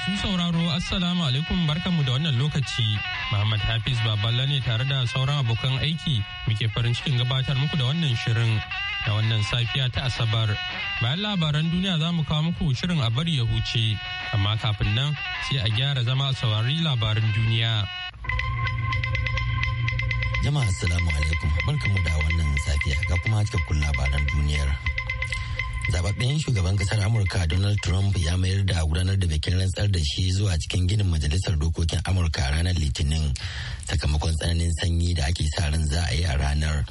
Masu sauraro Assalamu alaikum barkanmu da wannan lokaci. Muhammad Hafiz Baballa ne tare da sauran abokan aiki muke farin cikin gabatar muku da wannan shirin da wannan safiya ta Asabar. Bayan labaran duniya za mu kawo muku shirin a bari ya huce, amma kafin nan sai a gyara zama a saurari labaran duniya. Jama'a Assalamu alaikum barkanmu da wannan safiya ga kuma cikakkun labaran duniyar. zababben shugaban kasar amurka donald trump ya mayar da gudanar da bikin rantsar da shi zuwa cikin ginin majalisar dokokin amurka ranar litinin sakamakon tsananin sanyi da ake sa ran za a yi a ranar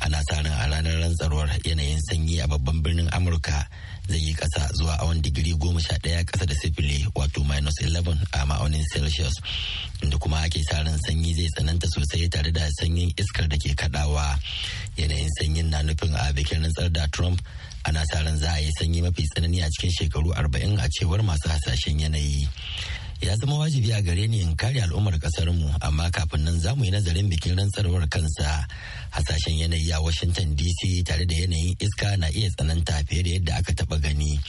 ana sa ran a ranar rantsarwar yanayin sanyi a babban birnin amurka zai yi kasa zuwa awon digiri goma sha ɗaya kasa da sifili wato minus 11 a ma'aunin celsius inda kuma ake sa ran sanyi zai tsananta sosai tare da sanyin iskar da ke kadawa yanayin sanyin na nufin a bikin rantsar da trump ana sa ran za a yi sanyi mafi tsanani a cikin shekaru arba'in a cewar masu hasashen yanayi ya zama wajibi a gare ni in kare al'ummar kasar mu amma kafin nan za mu yi nazarin bikin rantsarwar kansa hasashen yanayi a washington dc tare da yanayin iska na iya tsananta fiye da yadda aka taba gani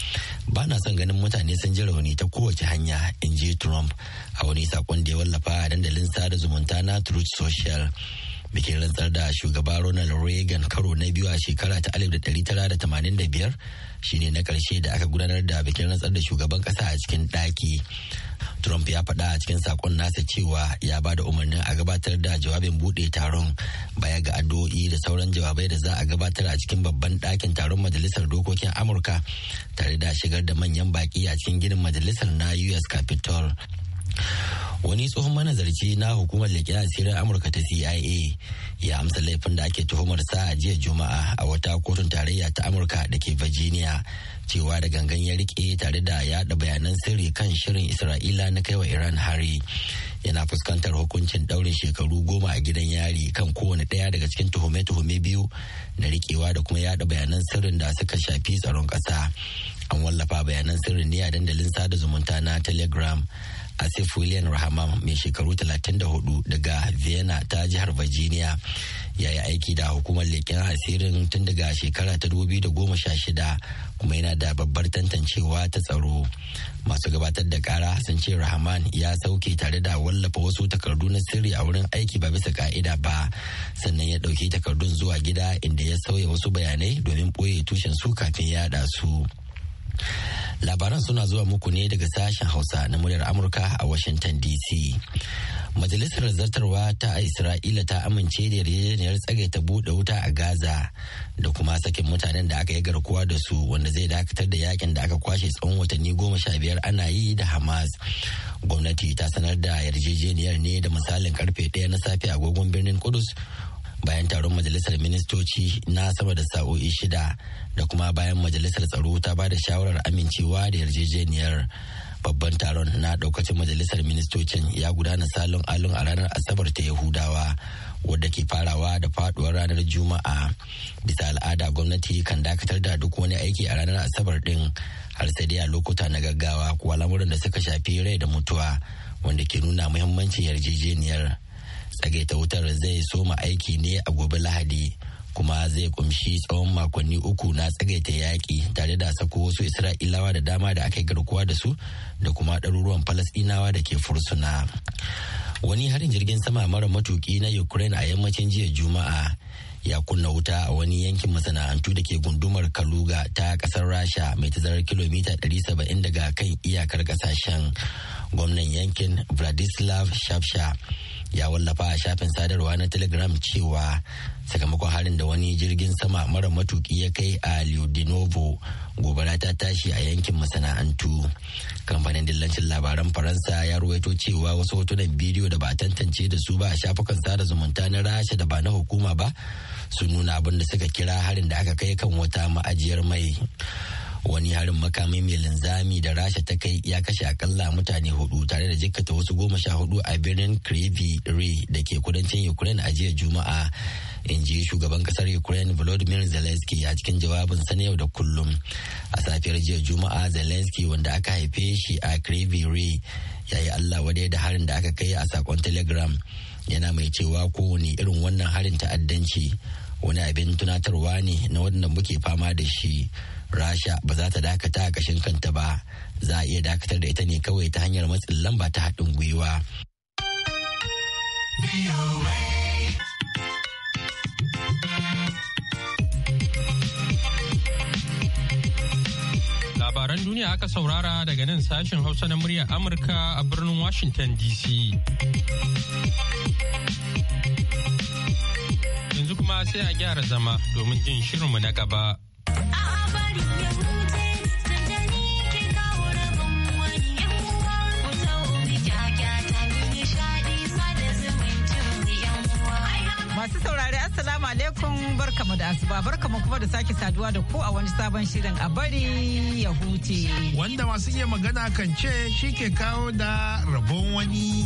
ba na son ganin mutane sun ji rauni ta kowace hanya in ji trump a wani sakon da ya wallafa a dandalin sada zumunta na truth social bikin rantsar da shugaba Ronald Reagan karo na biyu a shekara ta 1985 shine na karshe da aka gudanar da bikin rantsar da shugaban kasa a cikin ɗaki. Trump ya faɗa a cikin sakon nasa cewa ya ba da umarnin a gabatar da jawabin buɗe taron baya ga addu'o'i da sauran jawabai da za a gabatar a cikin babban ɗakin taron majalisar dokokin Amurka tare da shigar da manyan baƙi a cikin ginin majalisar na U.S. Capitol. wani tsohon manazarci na hukumar leƙen asirin amurka ta cia ya amsa laifin da ake tuhumar sa a jiya juma'a a wata kotun tarayya ta amurka da ke virginia cewa da gangan ya rike tare da yada bayanan sirri kan shirin isra'ila na kaiwa iran hari yana fuskantar hukuncin ɗaurin shekaru goma a gidan yari kan kowane ɗaya daga cikin tuhume-tuhume biyu na riƙewa da kuma yada bayanan sirrin da suka shafi tsaron ƙasa an wallafa bayanan sirrin ne a dandalin sada zumunta na telegram asif william rahman mai shekaru 34 daga vienna ta jihar virginia ya yi aiki da hukumar leƙen asirin tun daga shekara ta 2016 kuma yana da babbar tantancewa ta tsaro masu gabatar da kara sun ce rahman ya sauke tare da wallafa wasu takardu na sirri a wurin aiki ba bisa ka'ida ba sannan ya ɗauki takardun zuwa gida inda ya sauya wasu bayanai domin ɓoye tushen su kafin ya su. Labaran suna zuwa muku ne daga sashen Hausa na muryar Amurka a Washington DC. Majalisar Zartarwa ta Isra'ila ta amince da yarjejeniyar tsagaita buɗe wuta a Gaza da kuma sakin mutanen da aka yi garkuwa da su wanda zai dakatar da yakin da aka kwashe tsawon watanni goma sha biyar ana yi da Hamas. Gwamnati ta sanar da yarjejeniyar ne da misalin karfe ɗaya na safe agogon birnin Kudus bayan taron majalisar ministoci na sama da sa'o'i shida da kuma bayan majalisar tsaro ta ba da shawarar amincewa da yarjejeniyar babban taron na daukacin majalisar ministocin ya gudana salon alun a ranar asabar ta yahudawa wadda ke farawa da faduwar ranar juma'a bisa al'ada gwamnati kan dakatar da duk wani aiki a ranar asabar din har sai dai a lokuta na gaggawa kuwa lamurin da suka shafi rai da mutuwa wanda ke nuna muhimmancin yarjejeniyar tsagaita wutar zai soma aiki ne a gobe lahadi kuma zai kumshi tsawon makonni uku na tsagaita yaƙi tare da sako wasu isra'ilawa da dama da aka yi garkuwa da su da kuma ɗaruruwan falasɗinawa da ke fursuna wani harin jirgin sama mara matuki na ukraine a yammacin jiya juma'a ya kunna wuta a wani yankin masana'antu da ke gundumar kaluga ta kasar rasha mai tazarar kilomita 170 daga kan iyakar kasashen gwamnan yankin vladislav shafsha ya wallafa a shafin sadarwa na telegram cewa sakamakon harin da wani jirgin sama mara matuki ya kai a Liudinovo gobara ta tashi a yankin masana'antu kamfanin dillancin labaran faransa ya ruwaito cewa wasu hotunan bidiyo da ba a tantance da su ba a shafukan sada zumunta na rasha da ba na hukuma ba sun nuna abin da suka kira harin da aka kai kan wata ma'ajiyar mai wani harin makami mai linzami da rasha ta kai ya kashe akalla mutane hudu tare da jikkata wasu goma sha hudu a birnin krevi re da ke kudancin ukraine a jiya juma'a in ji shugaban kasar ukraine volodymyr zelensky a cikin jawabin na yau da kullum a safiyar jiya juma'a zelensky wanda aka haife shi a krevi re ya yi allah wadai da harin da aka kai a sakon telegram yana mai cewa kowane irin wannan harin ta'addanci wani abin tunatarwa ne na wadanda muke fama da shi rasha ba za ta dakata a kashin kanta ba za a iya dakatar da ita ne kawai ta hanyar matsin lamba ta haɗin gwiwa labaran duniya aka saurara daga nan sashen hausa na muryar amurka a birnin washington dc yanzu kuma sai a gyara zama domin jin shirinmu na gaba alaikum mu da asuba mu kuma da sake saduwa da ku a wani sabon shirin a bari ya huce. Wanda masu iya magana kan ce shi ke kawo da rabon wani.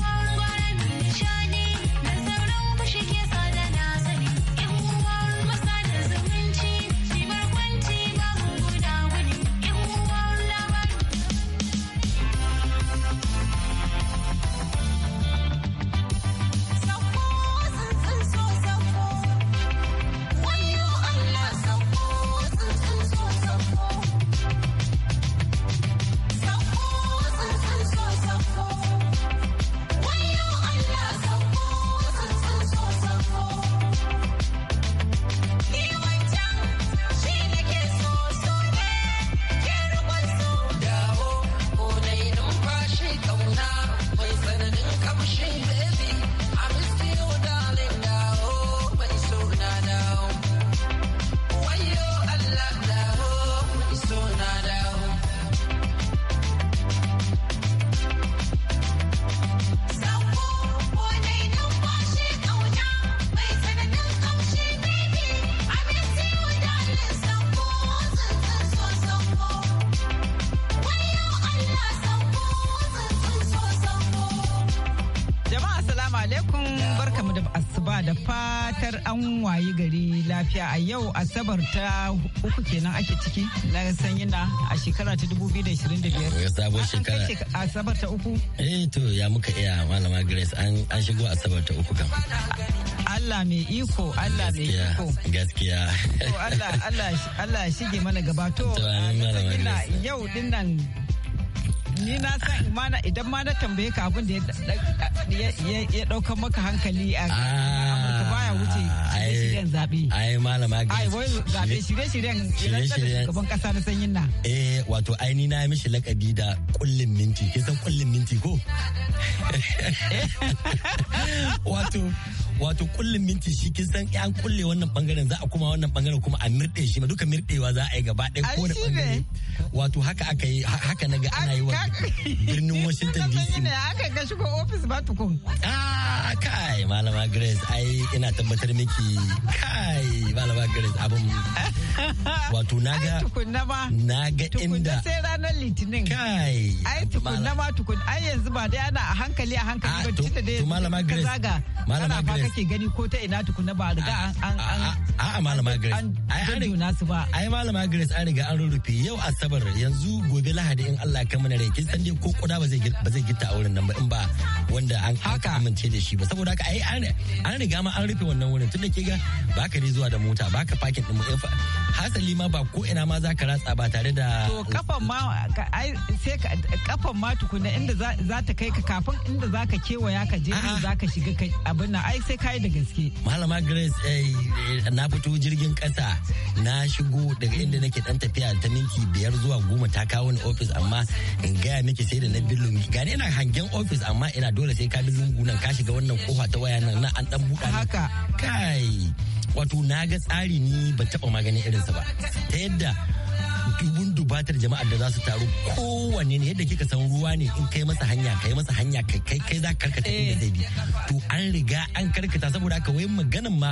barkamu da asuba da fatar an wayi gari lafiya a yau asabar ta uku kenan ake ciki na sanyina a shekara ta 2025 sabon shekara asabar ta uku eh to ya muka iya malama grace an shigo asabar ta uku kam Allah mai iko Allah mai iko gaskiya to Allah Allah Allah shige mana gaba to yau dinnan ni na san idan ma na tambaye ka abin da ya ɗauka maka hankali a ah. baya wuce shirye-shiryen zaɓe. Ah, ai malama ga. Ai wai zaɓe shirye-shiryen ilantar da gaban kasa na sanyin nan. Eh wato aini na na mishi lakabi da kullin minti kin san kullin minti ko? Wato wato kullin minti shi kin san an kulle wannan bangaren za a kuma wannan bangaren kuma a mirɗe shi ma duka mirɗewa za a yi gaba ɗaya ko da bangare wato haka aka yi haka na ga ana yi wa birnin Washington DC. Haka ga ko ofis ba tukun. Ah kai malama Grace ai ina tabbatar miki kai malama Grace abin wato naga naga inda sai ranar litinin kai ai tukunna ma tukun ai yanzu ba dai ana a hankali a hankali ah, ba tunda dai to malama Grace zaga malama Grace kake gani ko ta ina tukunna ah, ah, ba riga an an a a malama Grace ai an riga su ba ai malama Grace an riga an rurrufe yau asabar yanzu gobe lahadi in Allah ya mana rai kin san dai ko kuda ba zai ba zai gita a wurin nan ba in ba wanda an amince da shi ba saboda haka ai an riga ma an rufe kai wannan wurin tunda ke ga baka ne zuwa da mota baka fakin din hasali ma ba ko ina ma zaka ratsa ba tare da to kafan ma ai sai kafan ma tukuna inda za ta kai ka kafin inda zaka kewaya ka je inda zaka shiga kai abin nan ai sai kai da gaske malama grace eh, eh, na fito jirgin kasa na shigo daga inda nake dan tafiya ta minti biyar zuwa goma ta kawo ni office amma in gaya miki sai da na ga ni ina hangen office amma ina dole sai ka bi lungu nan ka shiga wannan kofa ta waya nan na an dan buɗa haka kai wato na ga tsari ni ban taɓa maganin irinsa ba ta yadda dubun dubatar jama'ar da za su taru kowanne ne yadda kika san ruwa ne in kai masa hanya kai masa hanya kai kai kai za ka karkata inda zai bi to an riga an karkata saboda haka wai maganan ma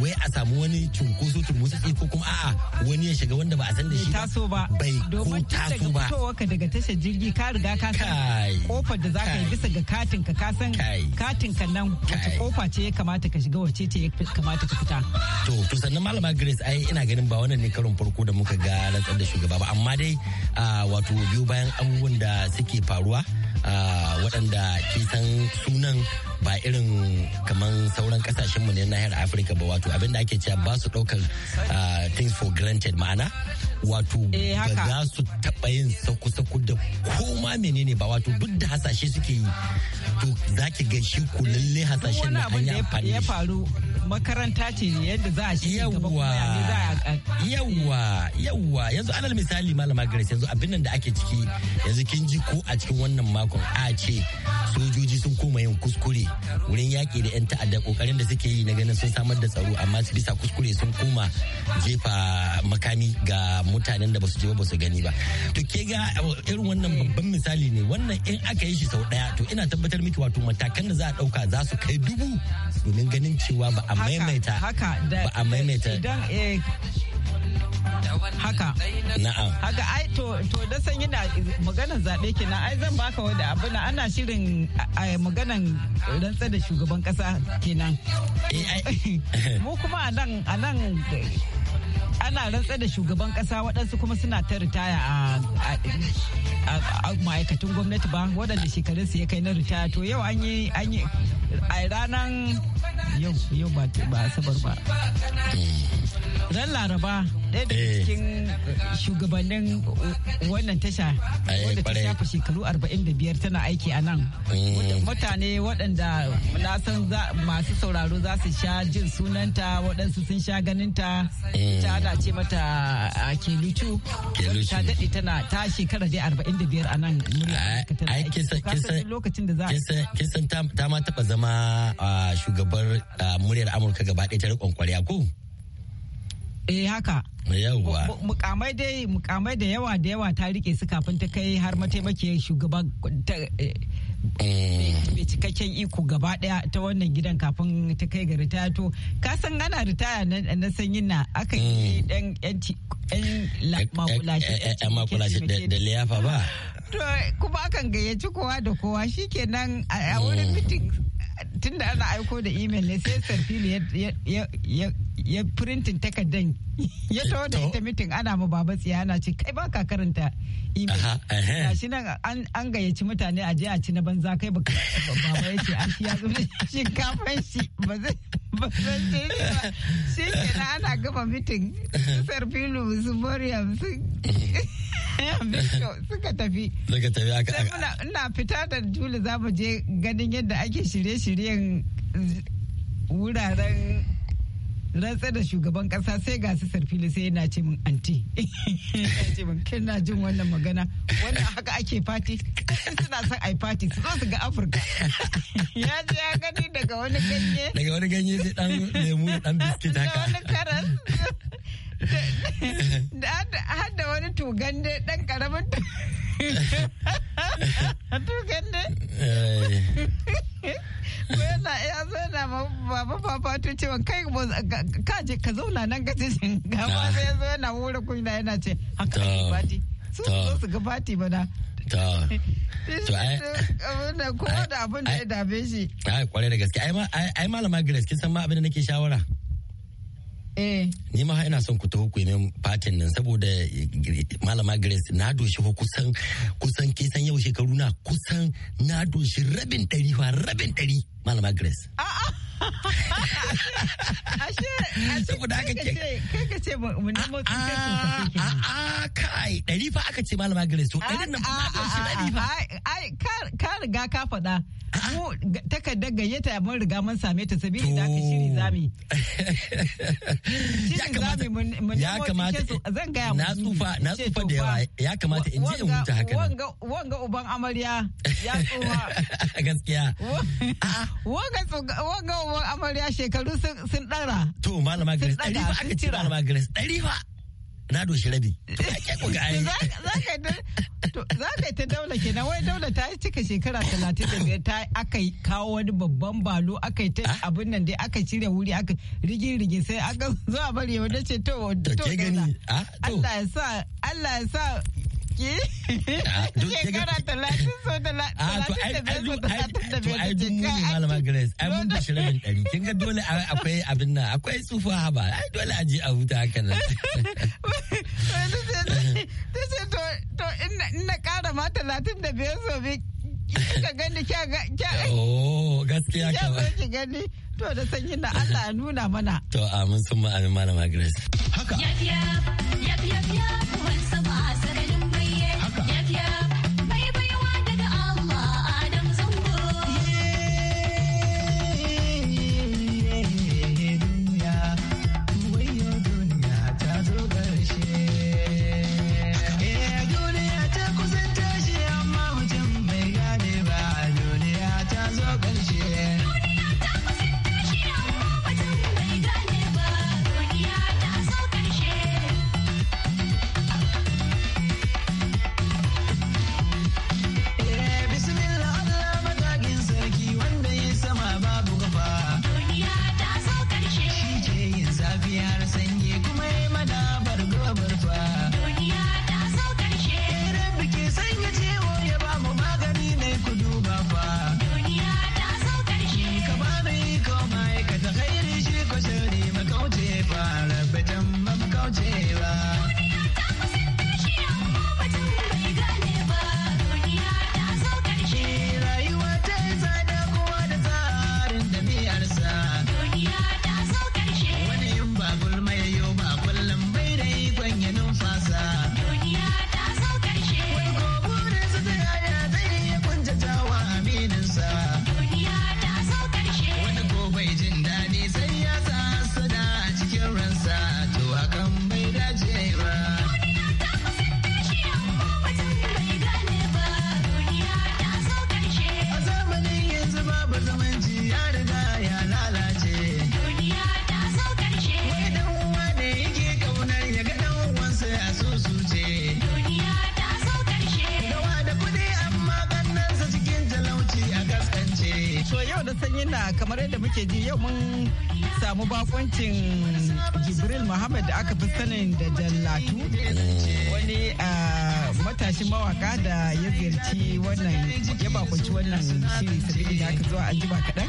wai a samu wani cunkoso turmutsi ko kuma a'a wani ya shiga wanda ba a san da shi ba taso ba bai ko taso ba ka daga tashar jirgi ka riga ka san kofar da za ka yi bisa ga katin ka ka san katin ka nan wace kofa ce ya kamata ka shiga wace ce ya kamata ka fita to to sannan malama Grace ai ina ganin ba wannan ne karon farko da muka ga rantsar da shugaba ba amma dai wato biyu bayan abubuwan da suke faruwa waɗanda ke san sunan ba irin kamar sauran kasashen mu ne nahiyar afirka ba wato abinda ake cewa ba su ɗaukar things for granted ma'ana wato eh, ba za su taɓa yin saku-saku da koma menene ba wato duk da hasashe suke yi to za ki ga shi kulalle hasashen na an yi makaranta ce yadda za a shiga gaba yawwa yawwa yanzu alal misali malama grace yanzu abin nan da ake ciki yanzu kin ji ko a cikin wannan makon a ce sojoji sun koma yin kuskure wurin yaƙi da 'yan ta'adda kokarin da suke yi na ganin sun samar da tsaro amma su bisa kuskure sun koma jefa makami ga mutanen da basu je ba su gani ba to ke ga irin wannan babban misali ne wannan in aka yi shi sau daya to ina tabbatar miki wato matakan da za a dauka za su kai dubu domin ganin cewa ba a maimaita ba a maimaita eh, haka na'am haka ai to to da san yana maganar zabe kenan ai zan baka wani abu na ana shirin maganar rantsar da shugaban kasa kenan eh, mu kuma a nan ana rantsar da shugaban kasa waɗansu kuma suna ta ritaya a ma'aikatan gwamnati ba waɗanda shekarun su ya kai na ritaya to yau an yi a ranar yau yau ba asabar ba mm. ran laraba ɗaya da eh. cikin shugabannin wannan tasha eh, wadda ta shafa shekaru 45 tana aiki a nan mm. mutane waɗanda na san masu sauraro za su sha jin sunanta waɗansu sun sha ganinta mm. ta da ce mata a kelucu ta daɗe tana ta shekara dai 45 a nan lokacin da za kisan ta ma taɓa zama ah, shugabar ah, muryar amurka gaba ɗaya ta riƙon kwarya ko eh haka yawwa mukamai dai mukamai da yawa da yawa ta rike su kafin ta kai har mataimakiyar shugaban eh, eh. mai cikakken iko gaba daya ta wannan gidan kafin ta kai ga ritaya to ka san ana ritaya na sanyin na aka yi dan hmm. yan makulashi da liyafa ba To kuma akan gayyaci kowa da kowa shikenan a wurin mitin hmm. tunda ana aiko da imel ne sai sarfili ya ya printin takardan ya tawo da ita mitin ana ma baba tsiya ana ce kai baka karanta email shi nan an gayyaci mutane a je a ci na banza kai baba ya ce shi ya zuba shinkafan shi ba zai ba shi kenan ana gama mitin sar filu su moriam su suka tafi. Suka tafi aka aka. Ina fita da Juli za mu je ganin yadda ake shirye-shiryen wuraren rantsar da shugaban kasa sai ga su sai yana ce min anti kina jin wannan magana wannan haka ake fati suna son ai fati su zo su ga afirka ya je ya gani daga wani ganye daga wani ganye sai dan lemu da dan biskit haka wani karas har da wani tugan dan karamin Tukan ne? Wena ya zauna baba fafatu cewa kai ka je ka zauna nan ka ce sai ya zauna wuri yana ce haka ne su ga bana. To, to ai, da abin da ya shi. Ai, kwarai da gaske, ai malama Grace, kin san ma abin da nake shawara? Eh. ni ma ina son ku ta ku min fatin nan saboda malama grace na doshi ko kusan kusan ke san yau shekaru na kusan na doshi rabin dari fa rabin dari, malama grace saboda haka ke kai ka ce mu nemo a ah, ah, ah, kai ɗari fa aka ce malama gare su ɗarin nan ba shi ah, ah, ɗari fa. Ah, ai ka riga ka faɗa. Mu takardar gayyata mun riga mun same ta sabili da ka shiri zami. Ya kamata ya kamata zan gaya mu. Na tsufa na tsufa da yawa ya kamata in je in huta haka. Wanga wanga uban amarya ya tsufa. Gaskiya. Wanga wanga uban amarya shekaru sun ɗara. To malama gare su ɗari fa aka ce malama gare su ɗari fa. na doshi rabi. Za ka ta daula kenan wai daula ta yi cika shekara talatin da biyar ta aka kawo wani babban balo aka yi ta ah. abin nan dai aka cire wuri aka rigi rigi sai aka zuwa bari wanda ce to ah, to Allah ya sa Allah ya sa gaske ah, shekara talatin so ah, talatin da malama grace ai mun bashi rabin ɗari kin ga dole akwai abin nan akwai tsufa haba ai dole a je a huta haka nan ta ce to ƙara ma talatin da biyar kika gani kya ga oh gaskiya ki gani to da sanyi Allah nuna mana to amin sun ma'amin malama grace haka kuke ji yau mun samu bakoncin jibril muhammad da aka fi sanin da jallatu wani matashin mawaka da ya ziyarci wannan ya bakunci wannan shiri sabili da aka zuwa a kaɗan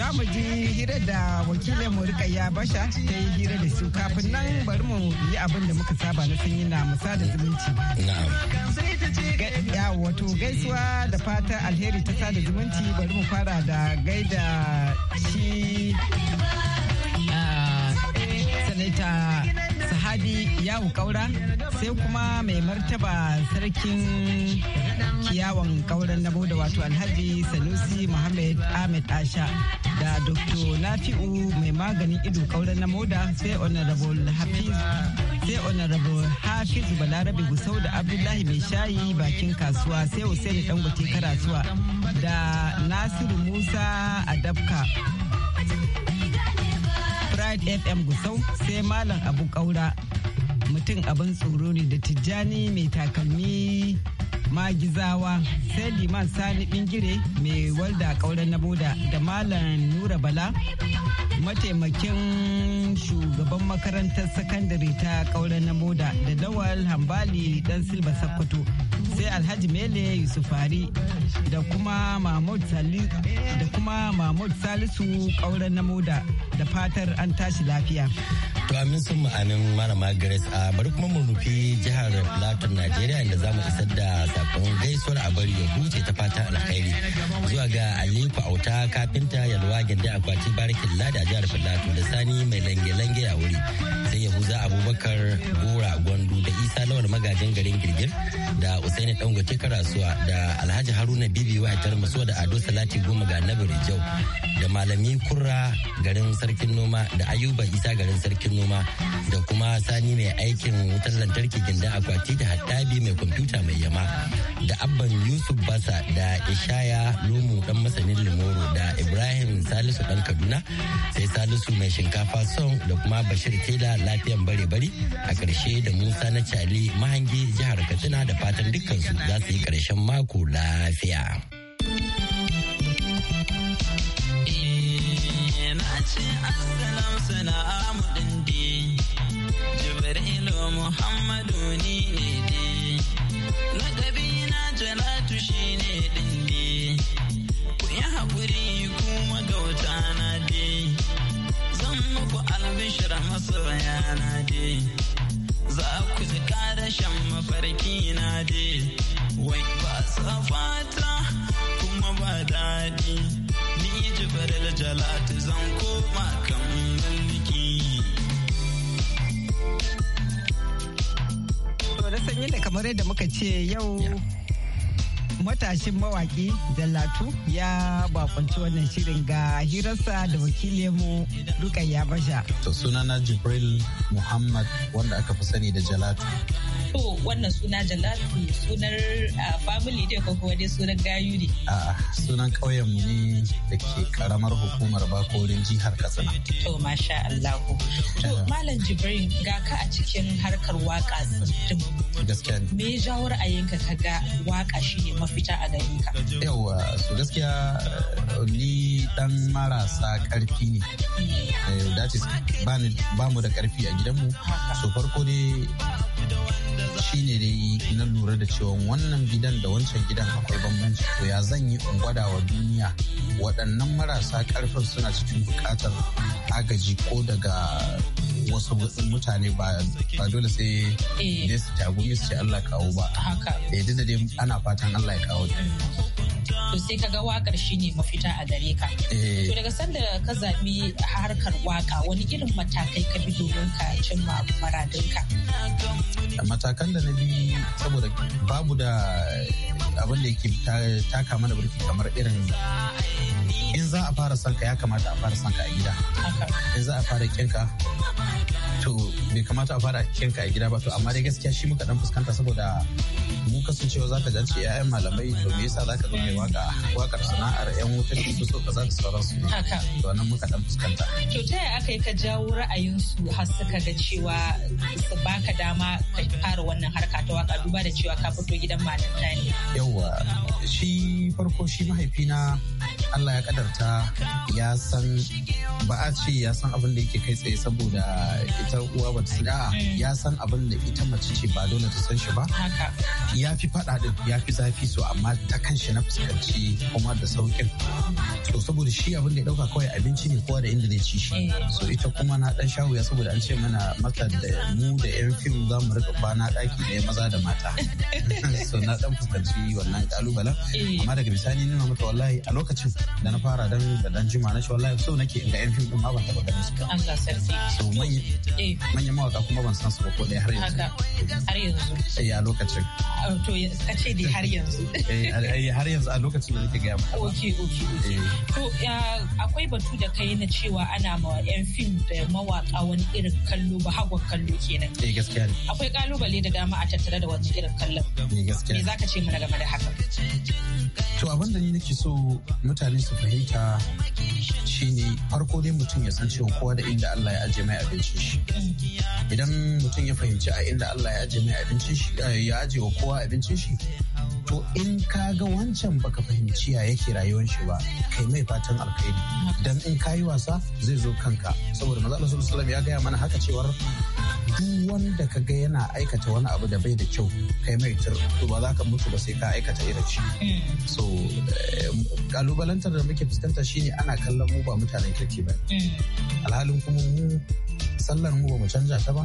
za mu ji hira da wakilin mu ya basha ta yi hira da su kafin nan bari mu yi abin da muka saba na sanyi na musa da zumunci yawo wato gaisuwa da fatan alheri ta sada zumunci bari mu fara da gaida shi ah, sanata sahabi yawo kaura sai kuma mai martaba sarkin kiyawan kauran na da wato alhaji sanusi muhammad ahmed asha da dr nafi'u mai maganin ido kauran na da sai honorable hafiz sai honorable hafizu balarabe gusau da abdullahi mai shayi bakin kasuwa sai hussein dangote karatuwa da nasiru musa adabka pride fm gusau sai malam abu kaura mutum abin tsoro ne da tijjani mai takalmi magizawa sai liman sani bingire mai walda kauren na boda da malam nura bala mataimakin shugaban makarantar sakandare ta kauren na boda da lawal hambali dan silba sakkwato sai alhaji mele yusufari da kuma mahmud sali kuma mahmud salisu ƙauren na moda da fatar an tashi lafiya to amin sun ma'anin malama grace a ah, bari kuma mu nufi jihar plateau najeriya inda za mu isar da sakon gaisuwar a bari ya huce ta fatan alkhairi zuwa ga Aliko auta kafinta yalwa gindi akwati barikin lada jihar plateau da sani mai lange-lange a wuri da yahuza abubakar gora gwandu da isa lawal magajin garin girgir da usaini dangote karasuwa da alhaji haruna bibi wa tarmasuwa da ado salati goma ga jau. da malami kurra garin sarkin noma da ayuba isa garin sarkin noma da kuma sani mai aikin wutar lantarki gindin akwati da hattabi mai kwamfuta mai yama da abban yusuf basa da ishaya lomu dan masanin limoro da ibrahim salisu dan kaduna sai salisu mai shinkafa son da kuma bashir tela lafiyan bare bare a ƙarshe da musa na cali mahangi jihar katsina da fatan dukkansu za su yi karshen mako lafiya. ce assalam salamu din jibrilu muhammadu ni ne de lakabi na jalatu shi ne din de ku yi haƙuri kuma gauta na de zan muku albishir masoya na de za ku ji ƙarashen mafarki na de wai ba fata kuma ba daɗi jibril jalati zan koma kan mulki to da sanyi da kamar yadda muka ce yau matashin mawaki Jallatu ya bakunci wannan shirin ga hirarsa da wakilinmu ya Basha. To sunana Jibril Muhammad wanda aka fi sani da Jalatu. to wannan suna jalatu sunar family dai ko kuma dai sunan gayu ne a sunan kauyen mu ne da ke karamar hukumar bakorin jihar katsina to masha Allah to eh. malam jibrin ga ka a cikin harkar waka tsirtin gaskiya me ya jawo ra'ayinka ka ga waka shine mafita a gare ka yawa so gaskiya ni dan marasa karfi ne eh, that is ba mu da karfi a gidanmu so farko ne shine dai na lura da cewa wannan gidan da wancan gidan akwai bambanci to ya zan yi in gwada wa duniya waɗannan marasa ƙarfin suna cikin buƙatar agaji ko daga wasu mutane ba dole sai ne eh. su tagumi su ce Allah kawo ba. Haka. Eh, da dai ana fatan Allah ya kawo. Mm. to sai ka ga wakar shine mafita a gare ka eh. to daga sanda ka zaɓi harkar waka wani irin matakai ka bi domin ka cimma maradinka matakan da na bi saboda babu da abin da yake taka mana birki kamar irin in za a fara sanka ya kamata a fara sanka a gida in za a fara kinka to bai kamata a fara kirka a gida ba to amma dai gaskiya shi muka dan fuskanta saboda mu kasancewa zaka jance yayan malamai to me yasa zaka zo kai waka waka sana'ar yan wutar da su so ka za sauran su haka to wannan muka dan fuskanta to ta yaya aka yi ka jawo ra'ayin su har suka ga cewa su baka dama ka fara wannan harka ta waka duba da cewa ka fito gidan malamai ne shi farko shi mahaifina Allah ya kadarta ya san ba a ce ya san abin da yake kai tsaye saboda ita uwa ba ta da ya san abin da ita mace ce ba dole ta san shi ba ya fi fada da ya fi zafi so amma ta kan shi na fuskanci kuma da saukin to saboda shi abin da ya dauka kawai abinci ne kowa da inda zai ci shi so ita kuma na dan shawo ya saboda an ce mana mata da mu da yan fim za mu rika kwana daki da maza da mata so na dan fuskanci wannan kalubalen eh. amma daga bisani nuna mutu wallahi a lokacin da na fara dan da dan jima na ce wallahi so nake inda yan fim din ma ban taba ganin su ba Allah sarki so manya eh. manya mawaka kuma ban san su ba ko dai har yanzu har yanzu sai eh, a lokacin ah, to ka ce dai har yanzu eh har eh, yanzu a lokacin da nake ga maka okay okay to akwai batu da kai na cewa ana ma yan fim da mawaka wani irin kallo ba hagwa kallo kenan eh gaskiya ne akwai kalubale da dama a tattare da wani irin kallon eh gaskiya me zaka ce mana game da haka To abin da ni nake so mutane su fahimta shine farko dai mutum ya san cewa kowa da inda Allah ya aje mai abincin shi. Idan mutum ya fahimci a inda Allah ya aje mai abincin shi eh, ya aje wa kowa abincin shi to in ka ga wancan baka fahimci ya yake rayuwar shi ba kai mai fatan alkhairi dan in ka yi wasa zai zo kanka saboda manzo sallallahu alaihi wasallam ya gaya mana haka cewar duk wanda ka ga yana aikata wani abu da bai da kyau kai mai tur to ba za ka mutu ba sai ka aikata irin shi hmm. so eh, kalubalantar da muke fuskanta shine ana kallon mu ba mutanen kirki ba hmm. alhalin kuma mu sallar mu ba mu canja ta ba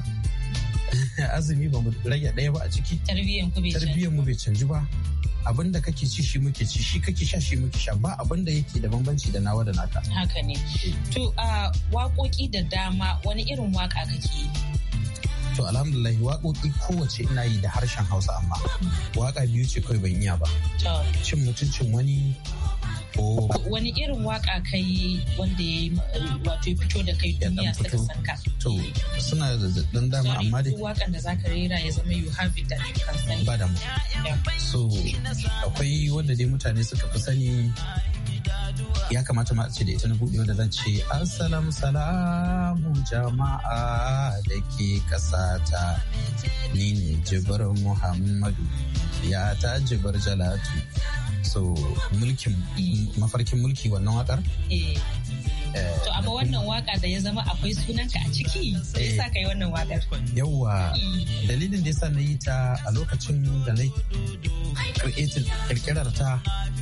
azumi ba mu rage ɗaya ba a ciki tarbiyyar mu bai canji ba abin da kake ci shi muke ci shi kake sha shi muke sha ba abin da yake da bambanci da nawa da naka haka ne to a ah, waƙoƙi da dama wani irin waƙa kake To alhamdulillah waƙoƙi kowace ina yi da harshen hausa amma waƙa biyu ce kawai ban iya ba cin mutuncin wani wani irin waƙa kai wanda ya yi wato fito da kai duniya suka san ka to suna da dan dama amma da wakan da zaka rera ya zama you have it that you can sing ba so akwai wanda dai mutane suka fi sani ya kamata ma ce da ita na buɗe da zan ce assalamu salamu jama'a da ke ƙasata, ni ne jibar muhammadu ya ta jibar jalatu so mulkin mafarkin mulki wannan waƙar eh. To amma wannan waka da ya zama akwai sunanka a ciki da ya sa ka yi wannan wakar. Yawwa dalilin da ya sa na yi ta a lokacin da na kirkirar ta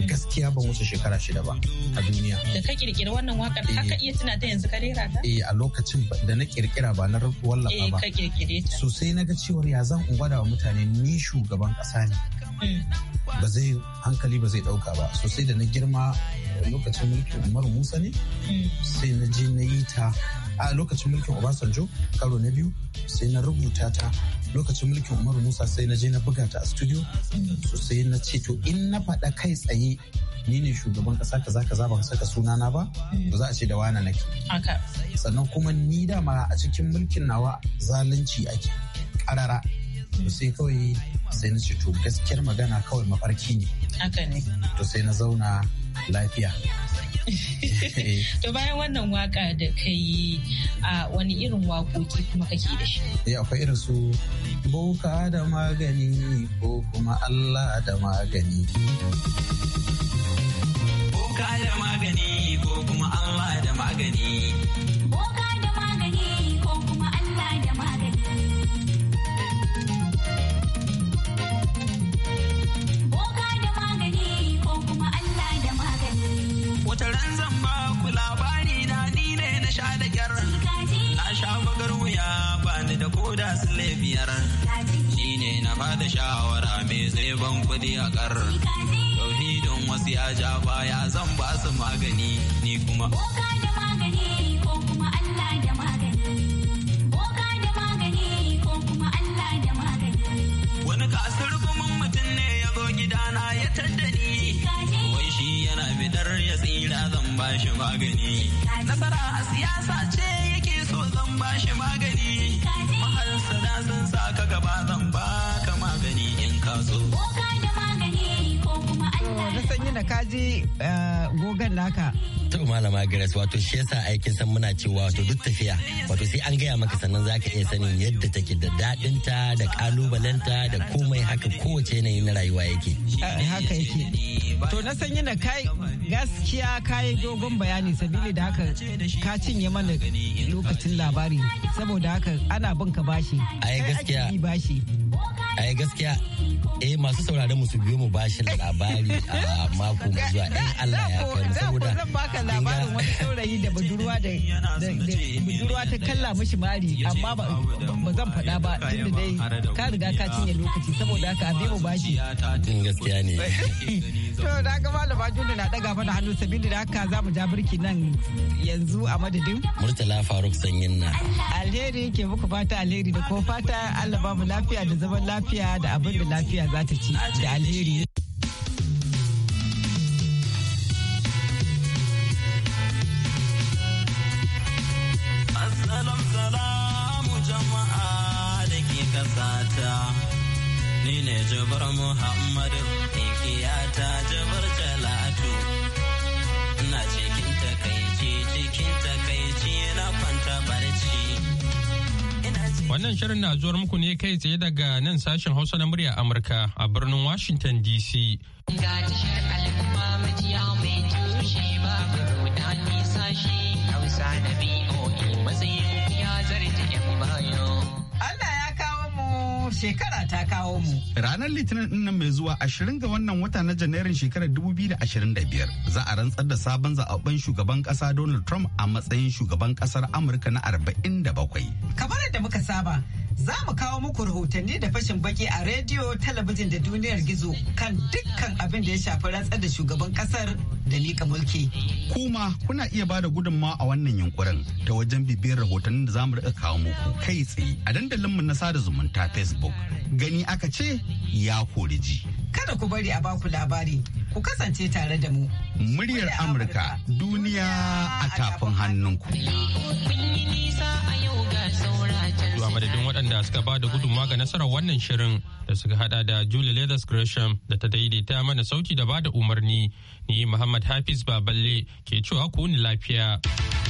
gaskiya ban wuce shekara shida ba a duniya. Da ka kirkiri wannan wakar haka eh. iya tuna ta yanzu ka rera ta? Eh a lokacin da na kirkira ba na wallafa eh, ba. Eh ka kirkire ta. Sosai na ga cewar ya zan gwada wa mutane ni shugaban kasa ne. Hmm. Ba zai hankali ba zai dauka ba sosai da na girma lokacin mulkin umaru musa ne sai na je na yi ta a lokacin mulkin obasanjo karo na biyu sai na rubuta ta lokacin mulkin umaru musa sai na je na buga ta a studio so sai na ce to in na faɗa kai tsaye ni ne shugaban kasa kaza kaza ka saka sunana ba ba za a ce da wana nake sannan kuma ni dama a cikin mulkin nawa zalunci ake karara sai kawai sai na ce to gaskiyar magana kawai mafarki ne to sai na zauna lafiya to bayan wannan waka da ka a wani irin wakoki kuma kake da shi ya eh, akwai irin su boka da magani ko kuma allah da magani boka da magani ko kuma allah da magani wata ran zan ba ku labari na ni ne na sha da kyar na sha magar wuya ba ni da koda sule biyar shi ne na fada shawara mai zai ban kudi a kar don wasu ya ja baya zan ba su magani ni kuma Wani kasar gumin mutum ne ya zo gidana ya taddani tsira zan magani. Nasara a siyasa ce yake so zan ba shi magani. Maharsada sun sa ka gaba zan ba ka magani in ka so. Na sanyi da kaji eh, gogan naka. To malama Grace wato shi yasa aikin san muna cewa wato duk tafiya wato sai an gaya maka sannan zaka iya sanin yadda take da daɗinta da ƙalubalenta da komai haka kowace yanayi na rayuwa yake. Eh, haka yake to na san yana kai gaskiya kayi dogon bayani sabili da haka ka cinye mana lokacin labari saboda haka ana bin ka bashi ai gaskiya ai gaskiya eh masu sauraron mu su biyo mu bashi labari a mako mai zuwa in Allah ya kai saboda zan baka labarin wani saurayi da budurwa da budurwa ta kalla mishi mari amma ba zan faɗa ba tunda dai ka riga ka cinye lokaci saboda haka a biyo mu bashi gaskiya ne To da ga malama Juli na daga mana hannu sabili da haka za mu ja birki nan yanzu a madadin. Murtala Faruk Sanyin na. Alheri ke muku fata alheri da ko fata Allah ba mu lafiya da zaman lafiya da abin da lafiya za ta ci da alheri. Assalamu jama'a da ke kasata. ni ne jabar muhammadu ta jabar jalatu na cikin takaici cikin takaici na kwanta barci Wannan shirin na zuwar muku ne kai tsaye daga nan sashen Hausa na murya Amurka a birnin Washington DC. tashar mai tushe ba Hausa ya zarta bayo. Allah kuma shekara ta kawo mu. Ranar Litinin din nan mai zuwa 20 ga wannan wata na Janairun shekarar 2025 za a rantsar da sabon zaɓen shugaban ƙasa Donald Trump a matsayin shugaban ƙasar Amurka na 47. Kamar da muka saba, za mu kawo muku rahotanni da fashin baki a rediyo talabijin da duniyar gizo kan dukkan abin da ya shafi ratsar da shugaban kasar da liƙa mulki. Kuma kuna iya bada gudunma a wannan yunkurin ta wajen bibiyar rahotannin da za mu riƙa kawo muku kai tsaye a dandalinmu na sada zumunta Facebook. Gani aka ce ya kori ji. Kada ku bari a baku labari. Ku kasance tare da mu. Muryar Amurka duniya a tafin hannunku. Zuwa madadin waɗanda suka ba da gudunmawa ga nasarar wannan shirin da suka hada da Julie Leathers Gresham da ta daidaita mana sauti da ba da umarni. Ni Muhammad Hafiz Baballe ke cewa ku ni lafiya.